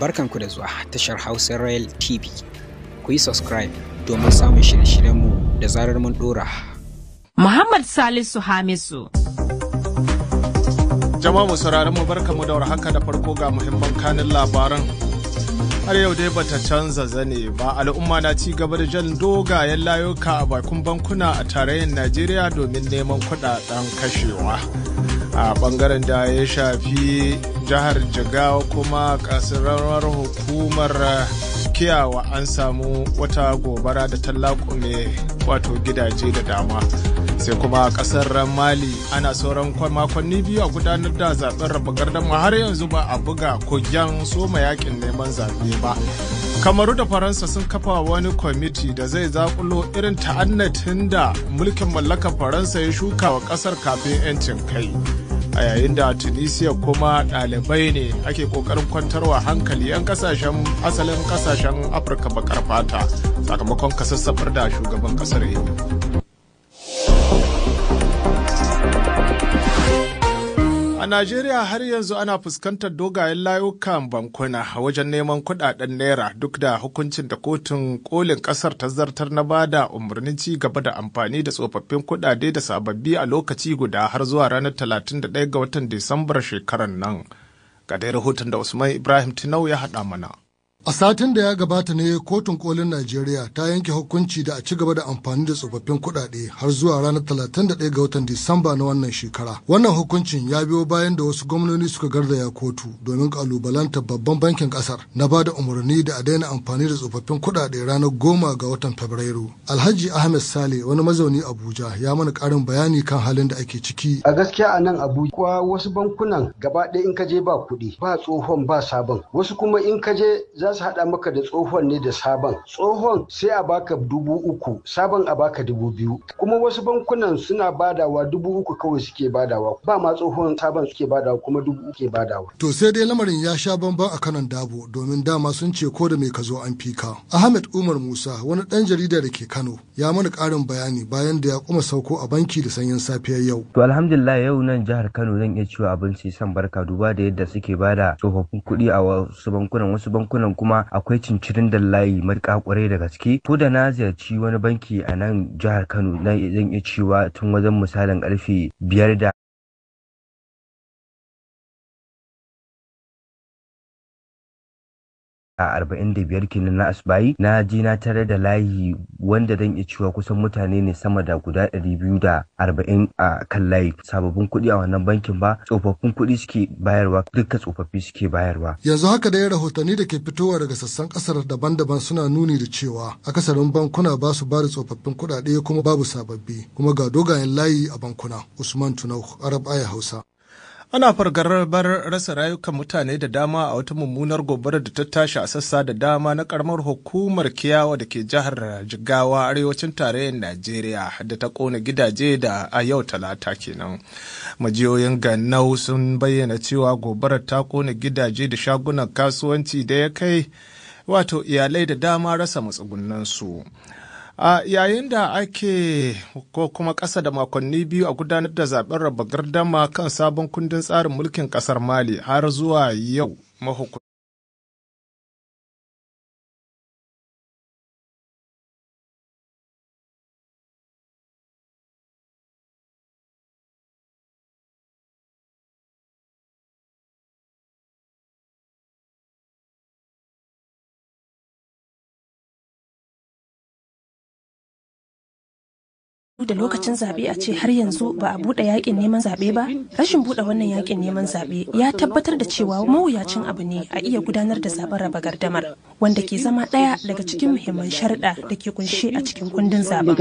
barkanku da zuwa tashar Hausa Royal TV. Ku yi subscribe domin samun shirye-shiryenmu da zarar mun dora. Muhammad Salisu Hamisu. Jama'a mu barka mu barkanmu da warhaka da farko ga muhimman kanin labaran. har yau dai bata canza zane ba al'umma na ci gaba da jan dogayen layuka a bakin bankuna a tarayyar najeriya domin neman kudaden kashewa a bangaren da ya shafi jihar jigawa kuma kasirar hukumar kiyawa an samu wata gobara da ne wato gidaje da dama sai kuma kasar mali ana sauran makonni biyu a gudanar da zaben raba gardama har yanzu ba a buga kogyan soma yakin neman zaɓe ba kamaru da faransa sun kafa wani kwamiti da zai zakulo irin ta'annatin da mulkin mallakar faransa ya shuka wa kasar kafin 'yancin kai a yayin da tunisia kuma ɗalibai ne ake ƙoƙarin kwantarwa hankali 'yan kasashen asalin kasashen afirka bakar fata sakamakon kasassafar da shugaban ƙasar yi A Najeriya har yanzu ana fuskantar dogayen layukan bankuna wajen neman kudaden naira duk da hukuncin da kotun kolin kasar ta zartar na bada umarnin ci gaba da amfani da tsofaffin kudade da sababbi a lokaci guda har zuwa ranar 31 ga watan Disambar shekarar nan. Ga dai rahoton da Usman Ibrahim Tinau ya haɗa mana. A satin da ya gabata ne kotun kolin Najeriya ta yanke hukunci da a ci gaba da amfani da tsofaffin kuɗaɗe har zuwa ranar 31 ga watan Disamba na wannan shekara. Wannan hukuncin ya biyo bayan da wasu gwamnoni suka garzaya kotu domin kalubalanta babban bankin ƙasar na ba da umarni da a daina amfani da tsofaffin kuɗaɗe ranar goma ga watan Fabrairu. Alhaji Ahmed Sale wani mazauni Abuja ya mana ƙarin bayani kan halin da ake ciki. A gaskiya a nan Abuja kuwa wasu bankunan gaba ɗaya in ka je ba kuɗi ba tsohon ba sabon wasu kuma in ka je za su haɗa maka da tsohon ne da sabon tsohon sai a baka dubu uku sabon a baka dubu biyu kuma wasu bankunan suna badawa dubu uku kawai suke badawa ba ma tsohon sabon suke badawa kuma dubu uku ke badawa. to sai dai lamarin ya sha bamban a kanan dabo domin dama sun ce ko da mai ka zo an fika ahmed umar musa wani ɗan jarida da ke kano ya mana ƙarin bayani bayan da ya kuma sauko a banki da sanyin safiyar yau. to alhamdulillah yau nan jihar kano zan iya cewa abinci san barka duba da yadda suke bada tsofaffin kuɗi a wasu bankunan wasu bankunan kuma akwai cincirin da layi marka kwarai da gaske ko da na ziyarci wani banki a nan jihar kano na zan iya cewa tun wajen misalin karfe biyar da arba'in da biyar kenan na asbayi na ji na tare da layi wanda dan iya cewa kusan mutane ne sama da guda ɗari biyu da arba'in a kan layi sababbin kuɗi a wannan bankin ba tsofaffin kuɗi suke bayarwa duka tsofaffi suke bayarwa. yanzu haka dai rahotanni da ke fitowa daga sassan ƙasar daban-daban suna nuni da cewa akasarin bankuna ba su ba da tsofaffin kuɗaɗe kuma babu sababbi kuma ga dogayen layi a bankuna usman tunau arab aya hausa. ana fargarabar rasa rayukan mutane da dama a wata mummunar gobara da ta tashi a sassa da dama na karamar hukumar kiyawa da ke jihar jigawa arewacin tarayyar najeriya da ta kona gidaje da a yau talata kenan majiyoyin ganau sun bayyana cewa gobarar ta kona gidaje da shagunan kasuwanci da ya kai wato iyalai da dama rasa matsugunansu a yayin da ake ko kuma ƙasa da makonni biyu a gudanar da zaben raba gardama kan sabon kundin tsarin mulkin ƙasar mali har zuwa yau mahukunta da lokacin zaɓe a ce har yanzu ba a buɗe yakin neman zaɓe ba rashin buɗe wannan yakin neman zaɓe ya tabbatar da cewa mawuyacin abu ne a iya gudanar da zaɓen raba gardamar wanda ke zama ɗaya daga cikin muhimman sharɗa da ke kunshe a cikin kundin zaɓen.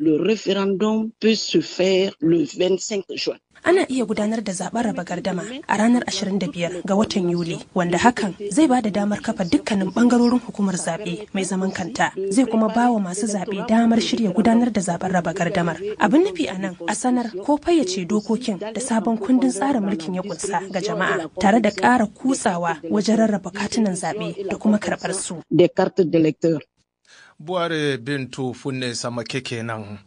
Le référendum peut se faire le 25 juin. ana iya gudanar da zaben raba gardama a ranar 25 ga watan yuli wanda hakan zai ba da damar kafa dukkanin bangarorin hukumar zaɓe mai zaman kanta zai kuma ba wa masu zaɓe damar shirya gudanar da zaben raba gardamar abin nufi a nan a sanar ko fayyace dokokin da sabon kundin tsarin mulkin ya kunsa ga jama'a tare da ƙara kutsawa wajen rarraba katunan zaɓe da kuma karɓar su. Buhari Bintu Funne Samake kenan.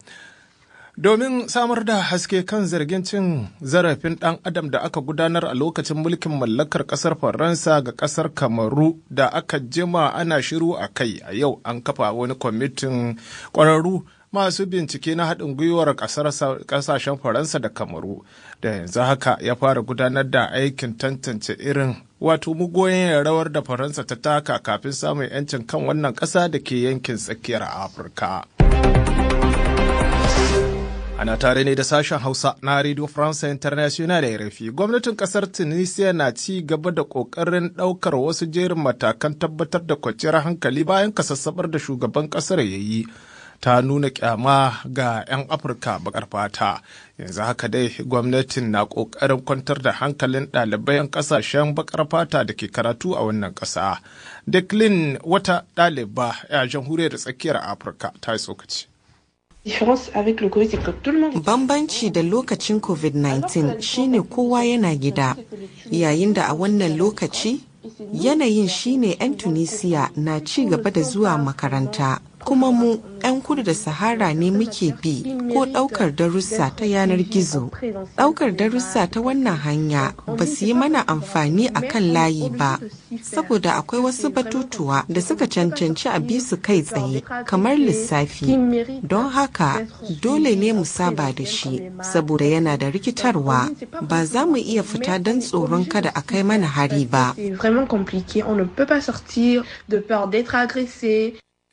domin samar da haske kan zargin cin zarafin ɗan adam da aka gudanar a lokacin mulkin mallakar ƙasar faransa ga ƙasar kamaru da aka jima ana shiru a kai a yau an kafa wani kwamitin ƙwararru masu bincike na haɗin gwiwar ƙasashen faransa da kamaru da yanzu haka ya fara gudanar da aikin tantance irin wato mugoyin rawar da faransa ta taka kafin samun 'yancin kan wannan ƙasa da ke yankin tsakiyar afirka Ana tare ne da sashen Hausa na Radio France International ya rafi Gwamnatin kasar Tunisia na ci gaba da kokarin daukar wasu jerin matakan tabbatar da kwanciyar hankali bayan kasassabar da shugaban kasar ya yi. ta nuna kyama ga 'yan afirka bakar fata yanzu haka dai gwamnatin na kokarin kwantar da hankalin ɗalibai 'yan kasashen bakar fata da ke karatu a wannan ƙasa declin wata ɗaliba ya jamhuriyar tsakiyar afirka ta yi tsokaci Bambanci da lokacin COVID-19 shine kowa yana gida, yayin da a wannan lokaci yanayin shine 'yan Tunisiya na ci gaba da zuwa makaranta. kuma mu 'yan kudu da sahara ne muke bi ko ɗaukar darussa ta yanar gizo ɗaukar darussa ta wannan hanya ba su yi mana amfani a kan layi ba saboda akwai wasu batutuwa da suka cancanci a su kai tsaye kamar lissafi don haka dole ne mu saba da shi saboda yana da rikitarwa ba za mu iya fita don tsoron kada a kai mana hari ba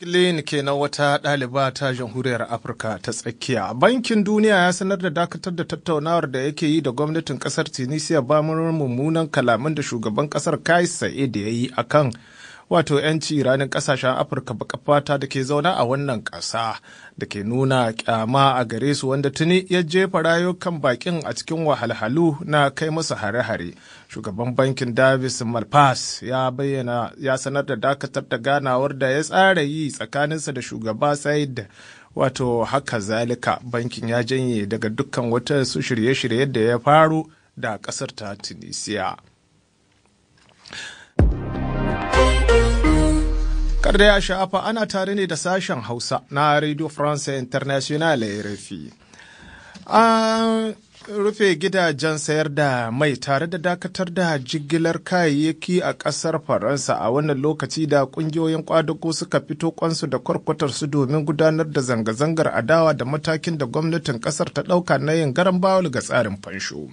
Glenn kenan wata ɗaliba ta jamhuriyar Afirka ta tsakiya. Bankin Duniya ya sanar da dakatar da tattaunawar da yake yi da gwamnatin ƙasar Tunisia bamar mummunan kalaman da shugaban ƙasar Kais Sa'id ya yi akan wato 'yanci ranar kasashen afirka baka fata da ke zauna a wannan ƙasa da ke nuna kyama a gare su wanda tuni ya jefa rayukan bakin a cikin wahalhalu na kai musu hare-hare shugaban bankin davis malpass ya bayyana ya sanar da dakatar da ganawar da ya tsara yi tsakaninsa da shugaba said wato haka zalika bankin ya janye daga dukkan wata su shirye shiryen da ya faru da kasar ta tunisia da ya sha'afa ana tare ne da sashen Hausa na Radio France International RFI. An rufe gidajen sayar da mai tare da dakatar da jigilar kayayyaki a kasar Faransa a wannan lokaci da kungiyoyin ƙwadago suka fito kwansu da kwarkwatar su domin gudanar da zanga-zangar adawa da matakin da gwamnatin kasar ta ɗauka na yin garan bawul ga tsarin fansho.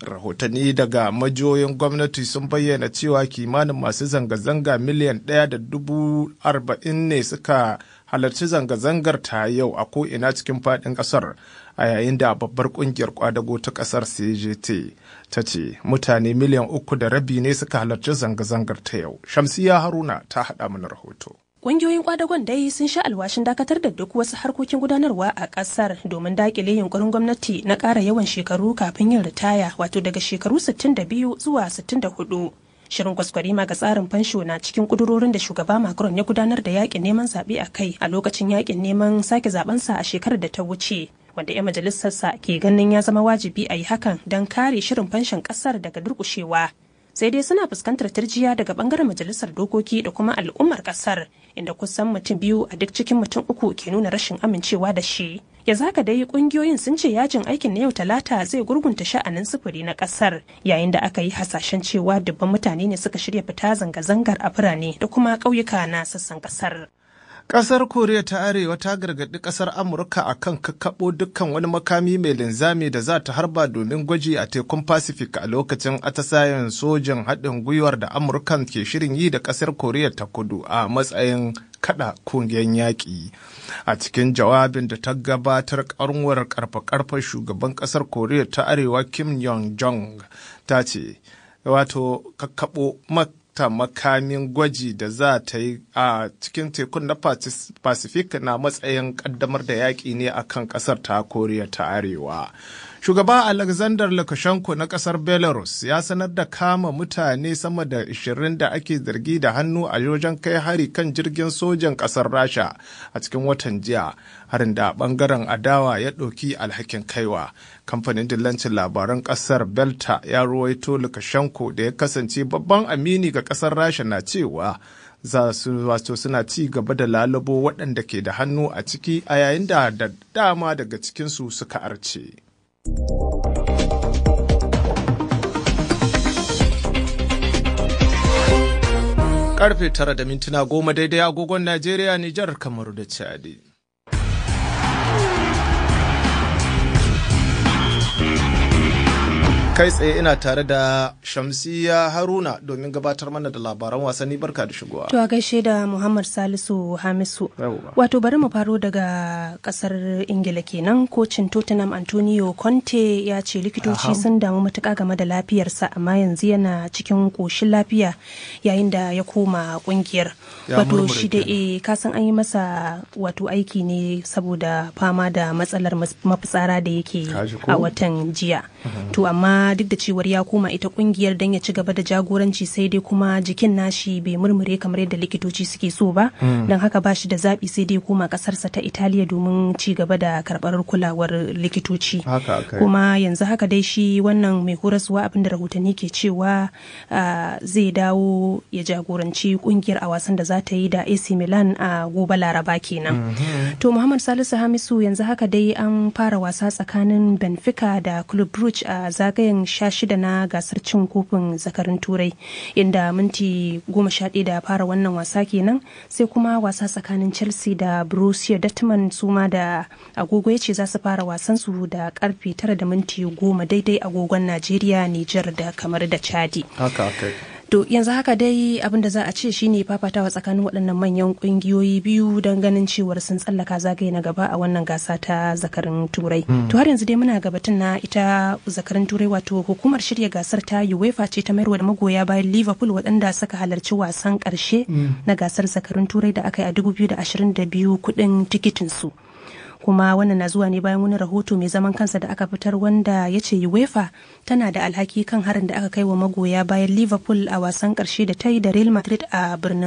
rahotanni daga majiyoyin gwamnati sun bayyana cewa kimanin masu zanga-zanga miliyan ɗaya da dubu arba'in ne suka halarci zanga-zangar ta yau a ko'ina cikin faɗin ƙasar a yayin da babbar ƙungiyar kwadago ta ƙasar cgt ta ce mutane miliyan uku da rabi ne suka halarci zanga-zangar ta yau shamsiya haruna ta haɗa mana rahoto Ƙungiyoyin kwadagon dai sun sha alwashin dakatar da duk wasu harkokin gudanarwa a ƙasar domin dakile yunkurin gwamnati na ƙara yawan shekaru kafin yin ritaya wato daga shekaru 62 zuwa 64. Shirin ma ga tsarin fansho na cikin kudurorin da shugaba Macron ya gudanar da yakin neman zaɓe a kai a lokacin yaƙin neman sake zaɓensa a shekarar da ta wuce. Wanda 'yan majalisarsa ke ganin ya zama wajibi a yi hakan don kare shirin fanshon ƙasar daga durƙushewa. sai dai suna fuskantar turjiya daga bangaren majalisar dokoki da kuma al'ummar kasar inda kusan mutum biyu a duk cikin mutum uku ke nuna rashin amincewa da shi ya zaka dai kungiyoyin sun ce yajin aikin na yau talata zai gurgunta sha'anin sufuri na kasar yayin da aka yi hasashen cewa dubban mutane ne suka shirya fita zanga-zangar a birane da kuma ƙauyuka na sassan kasar Ƙasar Koriya ta Arewa ta gargaɗi ƙasar Amurka a kan kakkaɓo dukkan wani makami mai linzami da za ta harba domin gwaji a tekun Pacific a lokacin atasayen sojin haɗin gwiwar da Amurkan ke shirin yi da ƙasar Koriya ta Kudu a matsayin kaɗa kungiyar yaƙi. A cikin jawabin da ta gabatar ƙarnuwar ƙarfe-ƙarfe shugaban ƙasar Koriya ta Arewa Kim Jong-jong ta ce, wato kakkaɓo ta makamin gwaji da za ta yi a cikin tekun na Pacific na matsayin ƙaddamar da yaƙi ne akan ƙasar ta Koriya ta Arewa. Shugaba Alexander Lukashenko na ƙasar Belarus ya sanar da kama mutane sama da 20 da ake zargi da hannu a wajen kai hari kan jirgin sojan ƙasar Rasha a cikin watan jiya, harin da bangaren adawa ya ɗauki alhakin kaiwa. Kamfanin dillancin labaran ƙasar Belta ya ruwaito Lukashenko da ya kasance babban amini ga ƙasar Rasha na cewa za su wato suna ci gaba da lalubo waɗanda ke da hannu a ciki a yayin da dama daga cikinsu suka arce. karfe tara da mintuna goma daidai agogon Najeriya, Nijar, Kamaru da Chadi. kai tsaye ina tare da shamsiya haruna domin gabatar mana da labaran wasanni barka da shigowa to a gaishe da muhammad salisu hamisu wato bari mu faro daga kasar ingila kenan kocin tottenham antonio conte ya ce likitoci sun damu matuka game da lafiyarsa amma yanzu yana cikin koshin lafiya yayin da ya koma kungiyar wato shi da e eh, kasan an yi masa wato aiki ne saboda fama da matsalar mafitsara da yake a watan jiya to amma kuma duk da cewar ya koma ita kungiyar don ya ci gaba da jagoranci sai dai kuma jikin nashi bai murmure kamar yadda likitoci suke so ba hmm. don haka ba shi da zaɓi sai dai koma ƙasarsa ta italiya domin ci gaba da karɓar kulawar likitoci kuma yanzu haka dai shi wannan mai horaswa abin da rahotanni ke cewa zai dawo ya jagoranci kungiyar a wasan da za ta yi da AC Milan a gobe Laraba kenan. Hmm. To Muhammad Salisu Hamisu yanzu haka dai an fara wasa tsakanin Benfica da Club bruce a zagayen mintin shida na gasar cin kofin zakarin turai inda minti goma sha ɗaya da fara wannan wasa kenan sai kuma wasa tsakanin chelsea da borussia dortmund ma da agogo ya ce za su fara wasan su da karfe tara da minti goma daidai agogon najeriya niger da kamar da chadi haka to yanzu haka dai abin da za a ce shine fafatawa tsakanin waɗannan manyan ƙungiyoyi biyu don ganin cewar sun tsallaka zagaye na gaba a wannan gasa ta zakarin turai hmm. to har yanzu dai muna gabatun na ita zakarin turai wato hukumar shirya gasar ta uefa ce ta mayar da magoya bayan liverpool waɗanda suka halarci wasan ƙarshe hmm. na gasar zakarin turai da aka yi a 2022 kuɗin tikitin su kuma wannan na zuwa ne bayan wani rahoto mai zaman kansa da aka fitar wanda ya ce uefa tana da alhaki kan harin da aka kai wa magoya bayan liverpool a wasan ƙarshe da ta yi da real madrid a birnin